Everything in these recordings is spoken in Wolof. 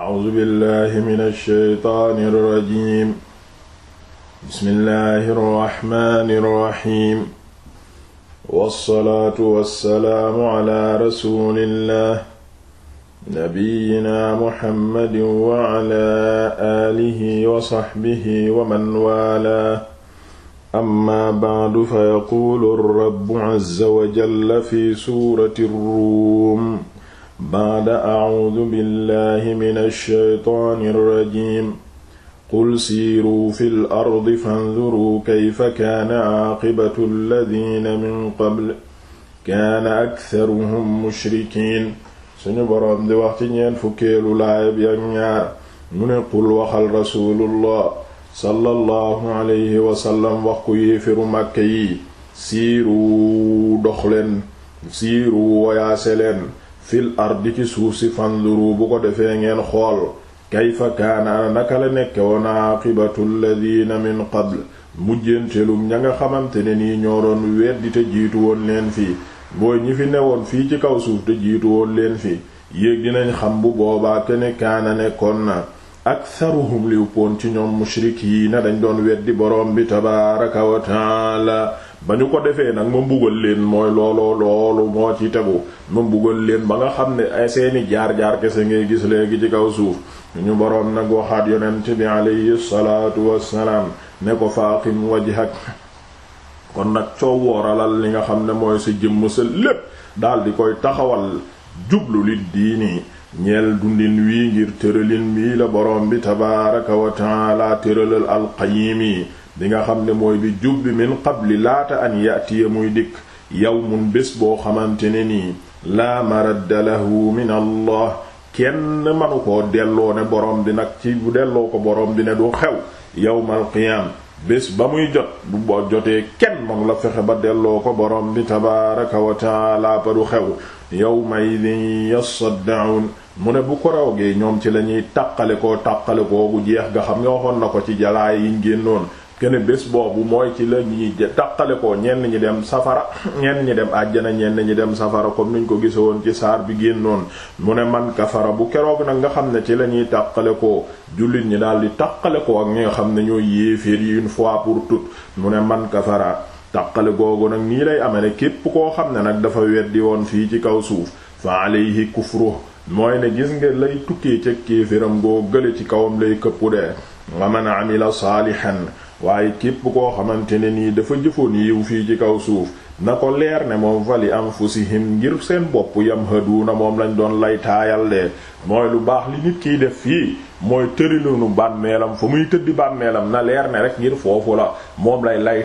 أعوذ بالله من الشيطان الرجيم بسم الله الرحمن الرحيم والصلاة والسلام على رسول الله نبينا محمد وعلى آله وصحبه ومن والاه أما بعد فيقول الرب عز وجل في سورة الروم baada acuudu billahi min alsheytaani alrajim qul siiruu fi l ardi fanduruu kayfa kaana caaqibatu alladina min qabl kaana aktaruhum mushrikiin suñu boroom di wax ci ñeent fukkeelu laaya bi ak ñaar mu ne qul waxal rasuulullah sallallahu alayhi wasallam wax ku yéefiru màkke yi siiru dox leen siiru woyaase leen fil ardi ci suuf si fanzuru bu ko defee ngeen xool kayfa kaana naka la nekke woon aqibatu alladina min qabl mujjéentelum ña nga xamante ne nii ñoo doon weddi te jiitu woon leen fii booy ñi fi newoon fii ci kaw suuf te jiitu woon leen fii yéeg dinañ xam bu boobaa ke ne kaana nekkoon na aktharuhum liw poon ci ñoom na dañ doon weddi boroom bi tabaaraka wa taala ba ñu ko defee nag ma mbugal leen mooy looloo loolu moo ci tegu ma mbugal leen ba nga xam ne ay seeni jaar-jaar kese ngay gis léegi ci kaw suuf ñu boroom nag waxaat yonent bi alayhi salaatu wassalaam ne ko faaqim wajhak kon nag coo wooralal li nga xam ne mooy sa jëmm sa lépp daal di koy taxawal jublu li diini ñeel dundin wii ngir tëralin bii la boroom bi tabaaraka wa taala tëralal alqayim yi bi nga xam ne mooy bi jub bi xab li laata an yatiya muy dikk yawmun bés boo xamante ne nii laa maradda lahu min allah kenn manu ko delloo ne borom bi nag ci bu delloo ko borom bi ne du xew yawmal qiyaam bés ba muy jot bu jotee kenn manu la fexe ba delloo ko borom bi tabaaraka wa taala ba du xew yawma idin yasaddaun mu ne bu ko raw rawgee ñoom ci la ñuy tàqale koo tàqale koogu jeex nga xam nga waxoon na ko ci jalaay yiñ génnoon kene bés boobu mooy ci la ñuy taqale ko ñenn ñi dem safara ñenn ñi dem àjjana ñenn ñi dem safara comme niñ ko gise woon ci saar bi génnoon mu ne man kafara bu keroog nag nga xam ne ci la ñuy taqale ko jullit ñi daal di taqale ñi nga xam ne ñooy yéeféer yi une fois pour toutes mu ne man kafara taqale googu nag nii lay amee ne képp koo xam ne nag dafa weddi woon fii ci kaw suuf fa alayhi kufru mooy ne gis nga lay tukkee ca kéeféram goo gële ci kawam lay këppu dee wa man amila saalihan waaye képp koo xamante ne nii dafa jëfoon yiw fii ci kaw suuf na ko leer ne moom am fali anfusihim ngir seen bopp na moom lañu doon laytaayal taayal de mooy lu baax li nit kiy def fii mooy tërilunu bàmmeelam fa muy tëddi bàmmeelam na leer ne rek ngir foofu la moom lay lay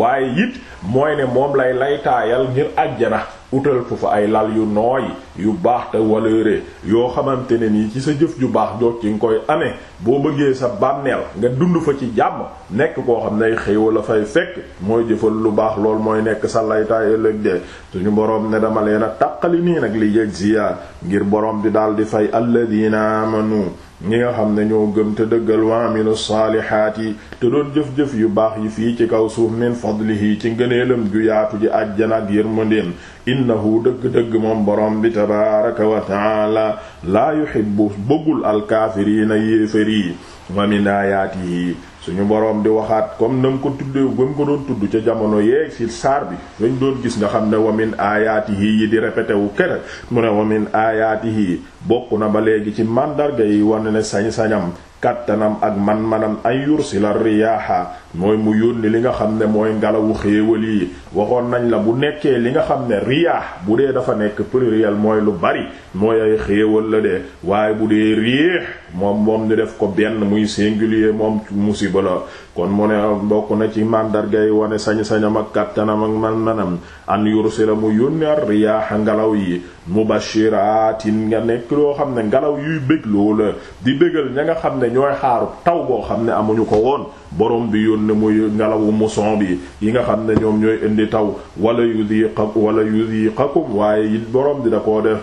waaye it mooy ne moom lay laytaayal ngir ngir àjjana utal ko fa ay lal yu nooy yu baax te waleere yoo xamante ne nii ci sa jëf ju baax jot ci nga koy amee boo bëggee sa bànneel nga dund fa ci jàmm nekk koo xam ne ay xéewal la fay fekk mooy jëfal lu baax lool mooy nekk sa laytaay ëllëg de suñu boroom ne dama leen a taqali nii nag li yëg ziyaar ngir boroom di daal di fay alladina amanu ñi nga xam ne ñoo gëm te dëggal waamilu saalihaat yi te doon jëf-jëf yu baax yi fii ci kaw suuf min fadlihi ci ngëneelam ju yaatu ji àjjana ak yërmandeem innahu dëgg-dëgg moom borom bi tabaaraka wa taala laa yuhibbu bëggul alkaafiriina yéefér yi wa min aayaatihi suñu boroom di waxaat comme na ko tuddee ba mu ko doon tudd ca jamono yeeg ci saar bi dañ doon gis nga xam ne wamin aayaatihi yi di répété wu kere mu ne wamin aayaatihi bokk na ba léegi ci màndarga yi wane ne sañ-sañam kàttanam ak man-manam ay yursila riyaaha mooy mu yónni li nga xam ne mooy ngelawu xéewal yi waxoon nañ la bu nekkee li nga xam ne riyaah bu dee dafa nekk pluriel mooy lu bari mooy ay xéewal la waaye bu dee riix moom moom def ko benn muy singulier moom musiba la kon mu ne bokk na ci màndargay wane sañ-sañam ak kàttanam ak man-manam an yursila mu yónni ar riyaaha ngelaw yi mubashiratin nga nekk loo xam ne ngelaw yuy bégloo la di bégal ña nga xam ne ne ñooy xaaru taw boo xam ne amuñu ko woon borom bi yónne muy ngelawu mousson bi yi nga xam ne ñoom ñooy indi taw wala yudiqa yi yudiqakum waaye it borom bi da koo def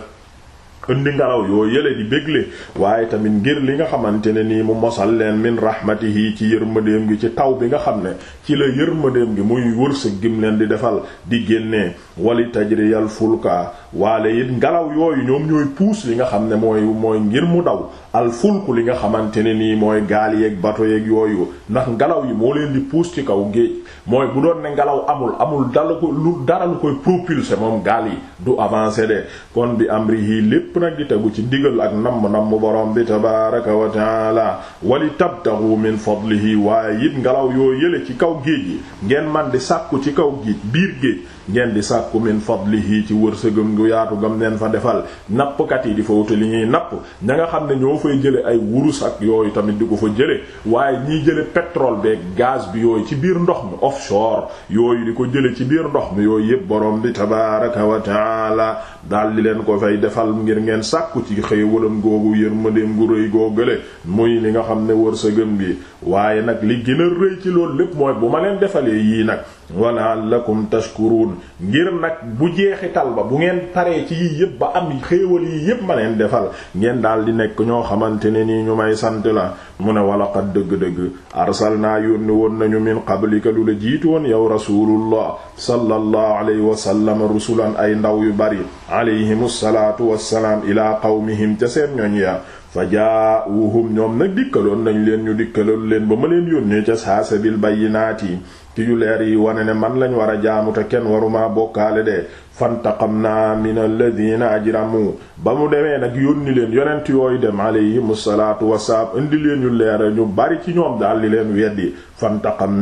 indi ngelaw yoo yële di bégle waaye tamit ngir li nga xamante ne nii mu mosal leen min rahmatihi ci yërmandeem gi ci taw bi nga xam ne ci la yërmandeem gi muy wërsëg gim leen di defal di génnee wali tajriyal fulka waale it ngelaw yooyu ñoom ñooy puus li nga xam ne mooy mooy ngir mu daw al fulku li nga xamante ne nii mooy gaal yeeg bato yeeg yooyu ndax ngelaw yi moo leen di puus ci kaw géej mooy bu doon ne ngelaw amul amul dala ko lu dara lu koy propulser moom gaal yi du avancer de kon bi amrihi lépp lépp nag di tegu ci ndigal ak namm namm borom bi tabaaraka wa taala wali tabtaxu min fadlihi waaye it ngelaw yoo yële ci kaw géej yi ngeen man di sàkku ci kaw géej biir géej ngeen di sàkku min yi ci wërsëgam gu yaatu gam leen fa defal nappkat yi di fa wute li ñuy napp ña nga xam ne ñoo fay jële ay wurus ak yooyu tamit di ko fa jële waaye ñiy jële pétrole beeg gaz bi yooyu ci biir ndox mi offshore yooyu di ko jële ci biir ndox mi yooyu yépp borom bi tabaraka wa taala daal di leen ko fay defal ngir ngeen sàkku ci xëy xéewalam googu yërmandeem gu rëy googale muy li nga xam ne gën bi waaye nag li gën a rëy ci loolu lépp mooy bu ma yii nag walaallakum tashkuruun ngir nag bu jeexital ba bu ngeen paree ci yii yëpp ba am xéewal yii yëpp ma leen defal ngeen daal di nekk ñoo xamante ne nii ñu may sant la mu ne walaqad dëgg-dëgg arsalnaa yónni woon nañu min qablika la jiitu woon yow rasulullah sallallahu alayhi wa sallam rusulan ay ndaw yu bari alayhimu salaatu wassalaam ilaa qawmihim ca seen ñoñ ya fa jaa'uhum ñoom nag dikkaloon nañ leen ñu dikkaloon leen ba ma leen yónnee ca saasa bil bayyinaati ti yu leer yi wane ne man lañ war a jaamu kenn warumaa bokkaale de fantaqamna min alladhina ajramu ba mu demee nag yónni leen yonent yooyu dem alayhim salaatu wasalaam indi leen yu leer ñu bari ci ñoom daal di leen weddi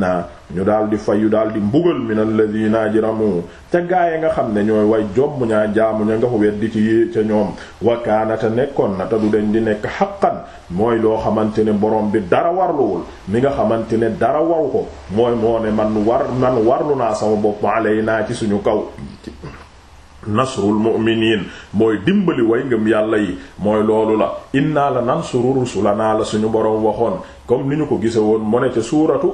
naa ñu daal di fayyu daal di mbugal min alladina ajramu ca gaay nga xam ne ñooy way jomm ñaa jaamu ña nga ko weddi ci yée ca ñoom wakaanata nekkoon na te du dañ di nekk xaqan mooy loo xamante ne boroom bi dara warluwul mi nga xamante ne dara waru ko mooy moo ne man war warlu naa sama bopp alay naa ci suñu kaw nasrul mu'miniin mooy dimbali way ngëm yàlla yi mooy loolu la innaa la nansuru rusulanaa la suñu boroom waxoon comme li ñu ko gise woon mu ne ca suuratu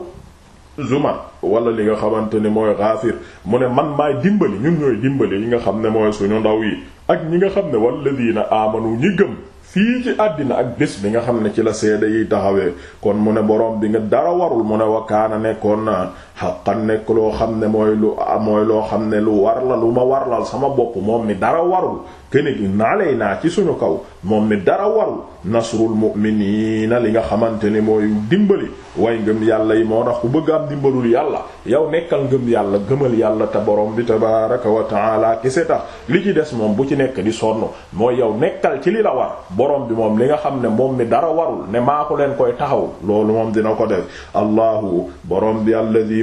Zumar wala li nga xamante ne mooy Ghafir mu ne man maay dimbali ñun ñooy dimbali yi nga xam ne mooy suñu ndaw yi ak ñi nga xam ne walladiina aamanu ñi gëm fii ci àddina ak bés bi nga xam ne ci la seede yi taxawee kon mu ne borom bi nga dara warul mu ne wakkaana nekkoon naa xaqan nekk loo xam ne mooy lu mooy loo xam ne lu war la lu ma warlal sama bopp moom mi dara warul keneen naa lay naa ci suñu kaw moom mi dara warul nasrul mu'miniina li nga xamante ne mooy dimbali way ngëm yàlla yi moo tax ku bëgg am dimbalul yàlla yow nekkal ngëm yàlla gëmal yàlla te borom bi tabaaraka wa ta'aala kese tax li ci des moom bu ci nekk di sonn mooy yow nekkal ci li la war borom bi moom li nga xam ne moom mi dara warul ne maa ko leen koy taxaw loolu moom ko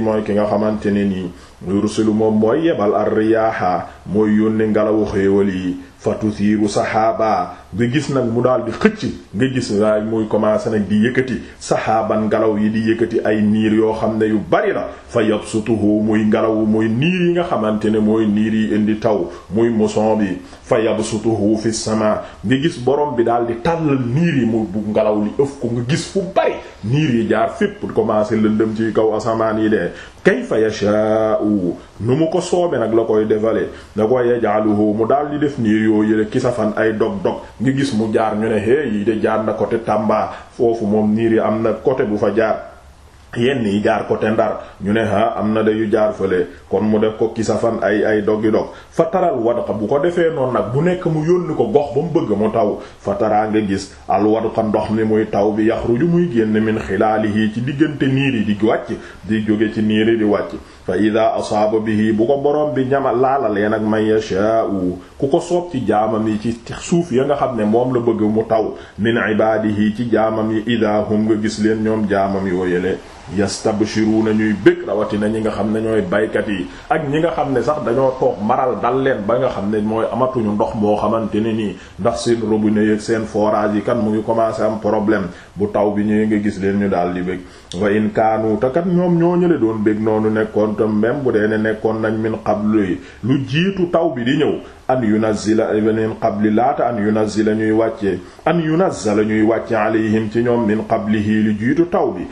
ma ki nga xamante ne nii yursilu moom mooy yebal ar riyaaha mooy yónni ngelawu xéewal yi fa tuthiru saxaaba nga gis nag mu daal di xëcc nga gis waay muy commencé nag di yëkkati saxaaban ngelaw yi di yëkkati ay niir yoo xam ne yu bari la fa yabsutuhu muy ngelaw muy niir yi nga xamante ne mooy niir yi indi taw muy mousson bi fa yabsutuhu fi sama nga gis borom bi daal di tàllal niir yi mu bu ngelaw li ëf ko nga gis fu bari niir yi jaar fépp commencé lëndëm ci kaw asamaan yi de kayfa yashaa'u nu mu ko soobee nag la koy defale nga koy yaj'aluhu mu daal di def niir yoo sa fan ay dog-dog nga gis mu jaar ñu ne hey yi de jaar na côté Tamba foofu moom niir yi am na côté bu fa jaar yenn yi jaar côté Ndar ñu ne ha ah, am na de yu jaar fële kon mu def ko kisafan ay ay doggi dog fa taral wadqa bu ko defee noonu nag bu nekk mu yónni ko gox ba mu bëgg mu taw fa taraa nga gis al wadqa ndox mi muy taw bi yaxruju muy génn min xilaalihi ci diggante niir yi di wàcc di jóge ci niir yi di wàcc fa ida asaaba bihi bu ko borom bi ñama laalalee nag man yashaa'u ku ko soob ci jaamam yi ci suuf ya nga xam ne moom la bëgg mu taw min ibaadihi ci jaamam yi ida hum nga gis leen ñoom jaamam yoo yele yastabshiruna ñuy bëgg rawatina ñi nga xam ne ñooy baykat yi ak ñi nga xam ne sax dañoo toog maral dal leen ba nga xam ne mooy amatuñu ndox moo xamante ne nii ndax seen robinet yeeg seen forage yi kan mu ngi commencé am problème bu taw bi ñëwee nga gis leen ñu daal di bëgg wa in kaanu te kat ñoom ñoo ñële doon bëgg noonu nekkoon te même bu dee ne nekkoon nañ min qablu lu jiitu taw bi di ñëw an yunazzila min qabli laata an yunazzila ñuy wàccee an yunazzala ñuy wàcce alayhim ci ñoom min qablihi lu jiitu taw bi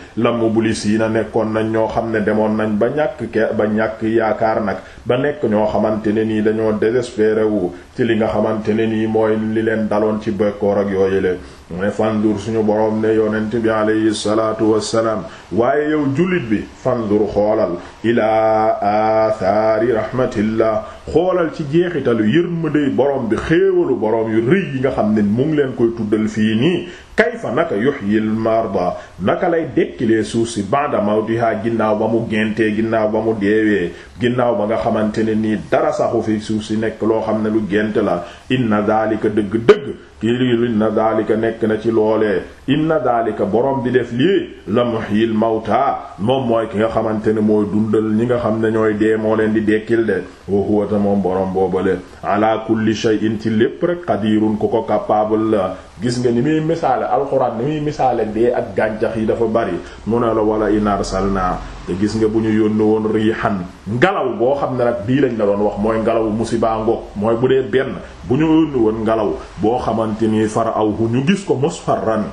muxlisiina nekkoon nañ ñoo xam ne demoon nañ ba ñàkk ke ba ñàkk yaakaar nag ba nekk ñoo xamante ne nii dañoo désespéré wu ci li nga xamante ne nii mooy li leen daloon ci bekkoor ak yooyule mu ne fandur suñu boroom ne yonent bi alayhi salaatu wassalaam waaye yow jullit bi fandur xoolal ilaa aathaari rahmatillah xoolal ci jeexitalu yërmandey boroom bi xéewalu boroom yu rëy yi nga xam ne mu ngi leen koy tuddal fii nii kayfa naka yuhyil marda naka lay dekkilee suuf si ba'da mawtiha ginnaaw ba mu géntee ginnaaw ba mu deewee ginnaaw ba nga xamante ne nii dara saxu fi suuf si nekk loo xam ne lu gént la inna daalika dëgg-dëgg kililu inna daalika nekk na ci loolee inna daalika boroom bi def lii la xiil mawtaa moom mooy ki nga xamante ne mooy dundal ñi nga xam ne ñooy dee moo leen di dekkil de wa huwa ta moom borom boobale ala kulli shay'in ci lépp rek qadirun ku ko capable la gis nga ni muy misaale alxuraan ni muy misaale dee ak gàncax yi dafa bari mu ne la wala inarsalna te gis nga bu ñu yónni woon riixan ngelaw boo xam ne nag bii lañ la wax mooy ngelawu musiba mooy bu dee benn bu ñu woon ngelaw boo xamante ni fara aw hu ñu gis ko musfarran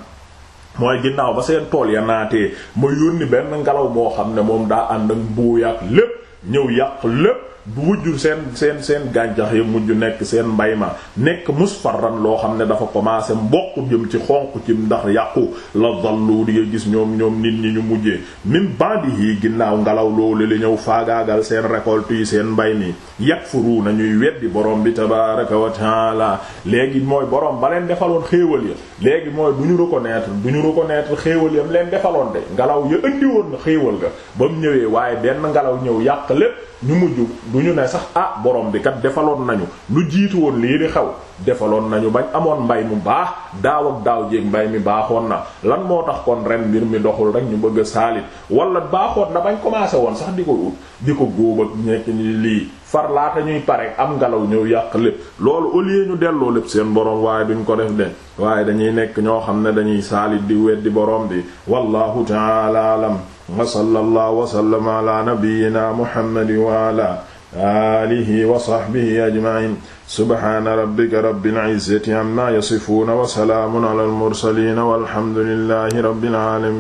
mooy ginnaaw ba seen tool ya naatee ma yónni benn ngelaw moo xam ne moom daa ànd ak mbuuyaat lépp ñëw yàq lépp bu wujj seen seen seen gàncax yi mujj nekk seen mbay ma nekk mus musfarran loo xam ne dafa commencé mboq jëm ci xonq ci ndax yàqu la dallu di nga gis ñoom ñoom nit ñi ñu mujjee min ba'dihi ginnaaw ngelaw loolu li ñëw faagaagal seen récolte yi seen mbay mi yakfuru nañuy weddi borom bi tabaaraka wa taala léegi mooy borom ba leen defaloon xéewal yi léegi mooy du ñu reconnaître du ñu reconnaître xéewal yam leen defaloon de ngelaw ya indi woon na xéewal nga ba mu ñëwee waaye benn ngelaw ñëw yàq lépp ñu mujj du ñu ne sax ah borom bi kat defaloon nañu lu jiitu woon lii di xew defaloon nañu bañ amoon mbay mu baax daaw ak daaw jéeg mbay mi baaxoon na lan moo tax kon ren mbir mi doxul rek ñu bëgg a saalit wala baaxoon na bañ commencé woon sax di ko ut di ko góob ak ñekk lii far laata ñuy pare am ngelaw ñëw yàq lépp loolu au lieu ñu delloo lépp seen boroom waaye duñ ko def de waaye dañuy nekk ñoo xam ne dañuy saalit di weddi boroom bi wallahu ta'ala alam wa sallallahu wa sallama ala nabiyyina muhammadin wa ala alihi wa sahbihi ajma'in subhana rabbika rabbil izzati amma yasifuna wa salaamun ala al mursalin walhamdulillahi rabbil alamin